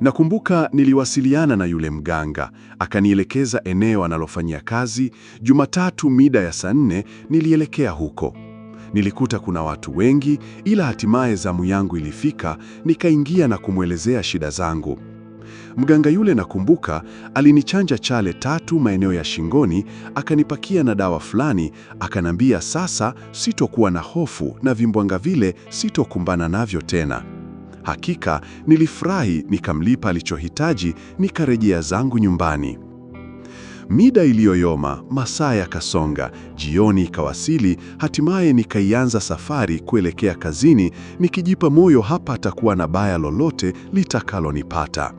Nakumbuka niliwasiliana na yule mganga, akanielekeza eneo analofanyia kazi. Jumatatu mida ya saa nne nilielekea huko. Nilikuta kuna watu wengi, ila hatimaye zamu yangu ilifika, nikaingia na kumwelezea shida zangu. Mganga yule nakumbuka alinichanja chale tatu maeneo ya shingoni, akanipakia na dawa fulani, akanambia sasa sitokuwa na hofu na vimbwanga vile sitokumbana navyo tena. Hakika nilifurahi, nikamlipa alichohitaji, nikarejea zangu nyumbani. Mida iliyoyoma, masaa yakasonga, jioni ikawasili. Hatimaye nikaianza safari kuelekea kazini, nikijipa moyo hapa atakuwa na baya lolote litakalonipata.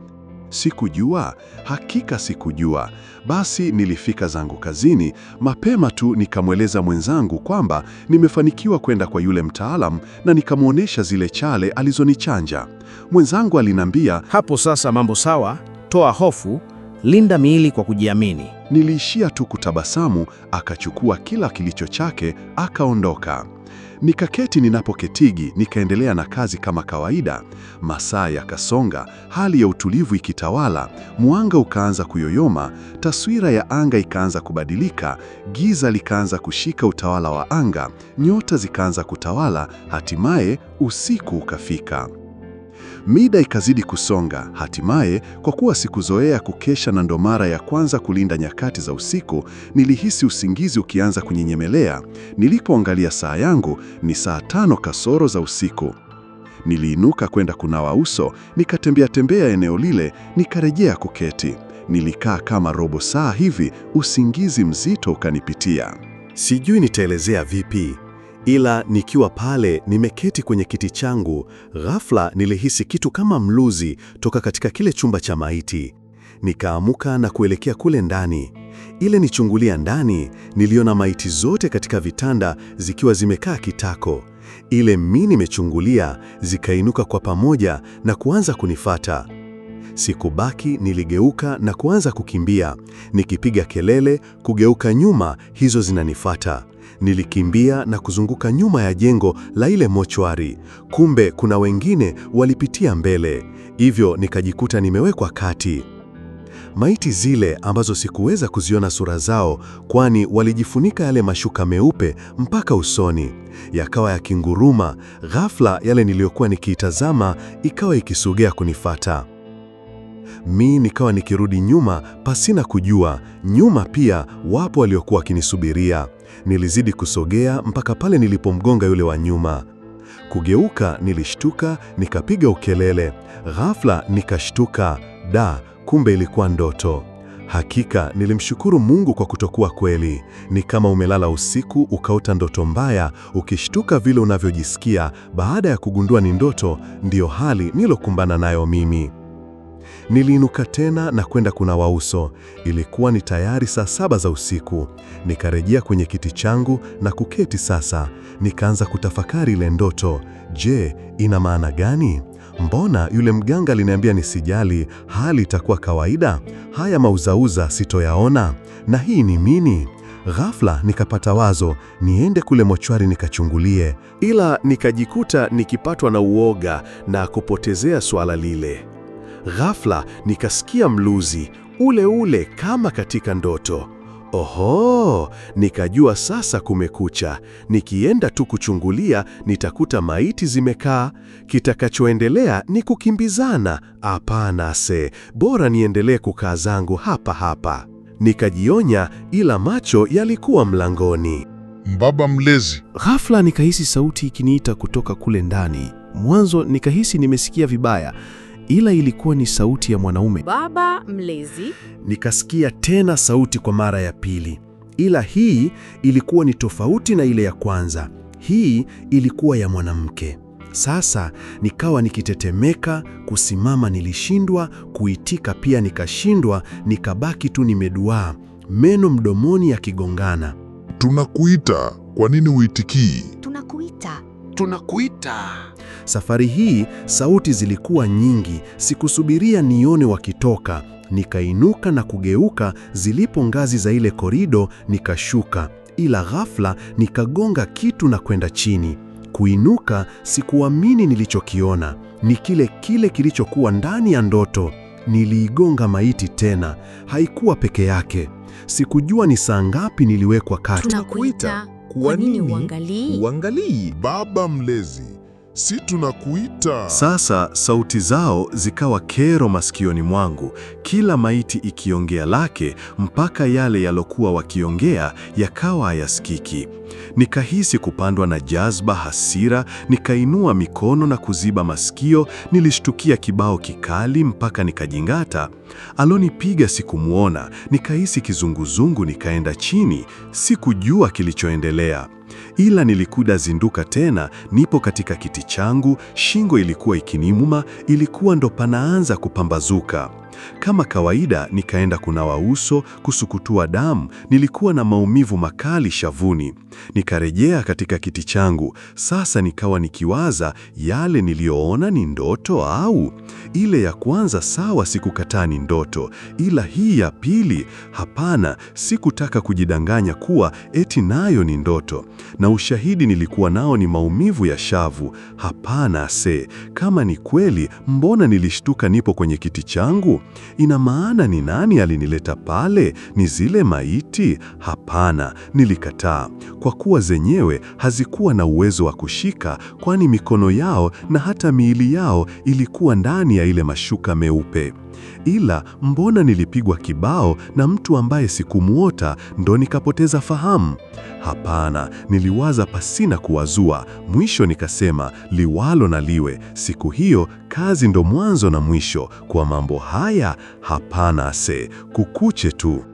Sikujua, hakika sikujua. Basi nilifika zangu kazini mapema tu, nikamweleza mwenzangu kwamba nimefanikiwa kwenda kwa yule mtaalam na nikamwonyesha zile chale alizonichanja. Mwenzangu alinambia, hapo sasa mambo sawa, toa hofu, linda miili kwa kujiamini. Niliishia tu kutabasamu, akachukua kila kilicho chake, akaondoka. Nikaketi ninapoketigi, nikaendelea na kazi kama kawaida. Masaa yakasonga, hali ya utulivu ikitawala, mwanga ukaanza kuyoyoma, taswira ya anga ikaanza kubadilika, giza likaanza kushika utawala wa anga, nyota zikaanza kutawala, hatimaye usiku ukafika. Mida ikazidi kusonga, hatimaye kwa kuwa sikuzoea kukesha na ndo mara ya kwanza kulinda nyakati za usiku, nilihisi usingizi ukianza kunyenyemelea Nilipoangalia saa yangu ni saa tano kasoro za usiku. Niliinuka kwenda kunawa uso, nikatembea tembea eneo lile, nikarejea kuketi. Nilikaa kama robo saa hivi, usingizi mzito ukanipitia. Sijui nitaelezea vipi, Ila nikiwa pale nimeketi kwenye kiti changu, ghafla nilihisi kitu kama mluzi toka katika kile chumba cha maiti. Nikaamuka na kuelekea kule ndani. Ile nichungulia ndani, niliona maiti zote katika vitanda zikiwa zimekaa kitako. Ile mi nimechungulia zikainuka kwa pamoja na kuanza kunifata. Sikubaki, niligeuka na kuanza kukimbia, nikipiga kelele, kugeuka nyuma, hizo zinanifata. Nilikimbia na kuzunguka nyuma ya jengo la ile mochwari. Kumbe kuna wengine walipitia mbele, hivyo nikajikuta nimewekwa kati. Maiti zile ambazo sikuweza kuziona sura zao, kwani walijifunika yale mashuka meupe mpaka usoni, yakawa yakinguruma. Ghafla yale niliyokuwa nikiitazama ikawa ikisogea kunifata. Mi nikawa nikirudi nyuma pasina kujua, nyuma pia wapo waliokuwa wakinisubiria. Nilizidi kusogea mpaka pale nilipomgonga yule wa nyuma. Kugeuka nilishtuka, nikapiga ukelele. Ghafla nikashtuka, da, kumbe ilikuwa ndoto. Hakika nilimshukuru Mungu kwa kutokuwa kweli. Ni kama umelala usiku ukaota ndoto mbaya, ukishtuka vile unavyojisikia baada ya kugundua ni ndoto. Ndiyo hali nilokumbana nayo mimi. Niliinuka tena na kwenda kunawa uso. Ilikuwa ni tayari saa saba za usiku. Nikarejea kwenye kiti changu na kuketi sasa. Nikaanza kutafakari ile ndoto. Je, ina maana gani? Mbona yule mganga aliniambia nisijali, hali itakuwa kawaida? Haya mauzauza sitoyaona, na hii ni mini Ghafla nikapata wazo niende kule mochwari nikachungulie, ila nikajikuta nikipatwa na uoga na kupotezea swala lile ghafla nikasikia mluzi ule ule kama katika ndoto. Oho, nikajua sasa kumekucha. Nikienda tu kuchungulia nitakuta maiti zimekaa. Kitakachoendelea ni kukimbizana. Hapana se, bora niendelee kukaa zangu hapa hapa. Nikajionya, ila macho yalikuwa mlangoni. Mbaba mlezi. Ghafla nikahisi sauti ikiniita kutoka kule ndani. Mwanzo nikahisi nimesikia vibaya, ila ilikuwa ni sauti ya mwanaume, baba mlezi. Nikasikia tena sauti kwa mara ya pili, ila hii ilikuwa ni tofauti na ile ya kwanza. Hii ilikuwa ya mwanamke. Sasa nikawa nikitetemeka, kusimama nilishindwa, kuitika pia nikashindwa, nikabaki tu nimeduaa, meno mdomoni yakigongana. Tunakuita, kwa nini huitikii? Tunakuita, tunakuita. Safari hii sauti zilikuwa nyingi, sikusubiria nione wakitoka. Nikainuka na kugeuka zilipo ngazi za ile korido, nikashuka, ila ghafla nikagonga kitu na kwenda chini. Kuinuka, sikuamini nilichokiona. Ni kile kile kilichokuwa ndani ya ndoto. Niliigonga maiti tena, haikuwa peke yake. Sikujua ni saa ngapi niliwekwa kati. Tunakuita, kwa nini uangalii? Uangalii, baba mlezi si tunakuita. Sasa sauti zao zikawa kero masikioni mwangu, kila maiti ikiongea lake, mpaka yale yalokuwa wakiongea yakawa hayasikiki. Nikahisi kupandwa na jazba, hasira, nikainua mikono na kuziba masikio. Nilishtukia kibao kikali mpaka nikajingata. Alonipiga sikumwona, nikahisi kizunguzungu, nikaenda chini, sikujua kilichoendelea. Ila nilikuda zinduka tena, nipo katika kiti changu, shingo ilikuwa ikiniuma, ilikuwa ndo panaanza kupambazuka. Kama kawaida, nikaenda kunawa uso, kusukutua damu, nilikuwa na maumivu makali shavuni. Nikarejea katika kiti changu. Sasa nikawa nikiwaza yale niliyoona ni ndoto au ile ya kwanza, sawa, sikukataa ni ndoto, ila hii ya pili, hapana, sikutaka kujidanganya kuwa eti nayo ni ndoto. Na ushahidi nilikuwa nao ni maumivu ya shavu. Hapana, se, kama ni kweli, mbona nilishtuka nipo kwenye kiti changu? Ina maana ni nani alinileta pale? Ni zile maiti? Hapana, nilikataa, kwa kuwa zenyewe hazikuwa na uwezo wa kushika, kwani mikono yao na hata miili yao ilikuwa ndani ya ile mashuka meupe. Ila mbona nilipigwa kibao na mtu ambaye sikumwota ndo nikapoteza fahamu? Hapana, niliwaza pasina kuwazua. Mwisho nikasema liwalo na liwe. Siku hiyo kazi ndo mwanzo na mwisho kwa mambo haya. Hapana ase, kukuche tu.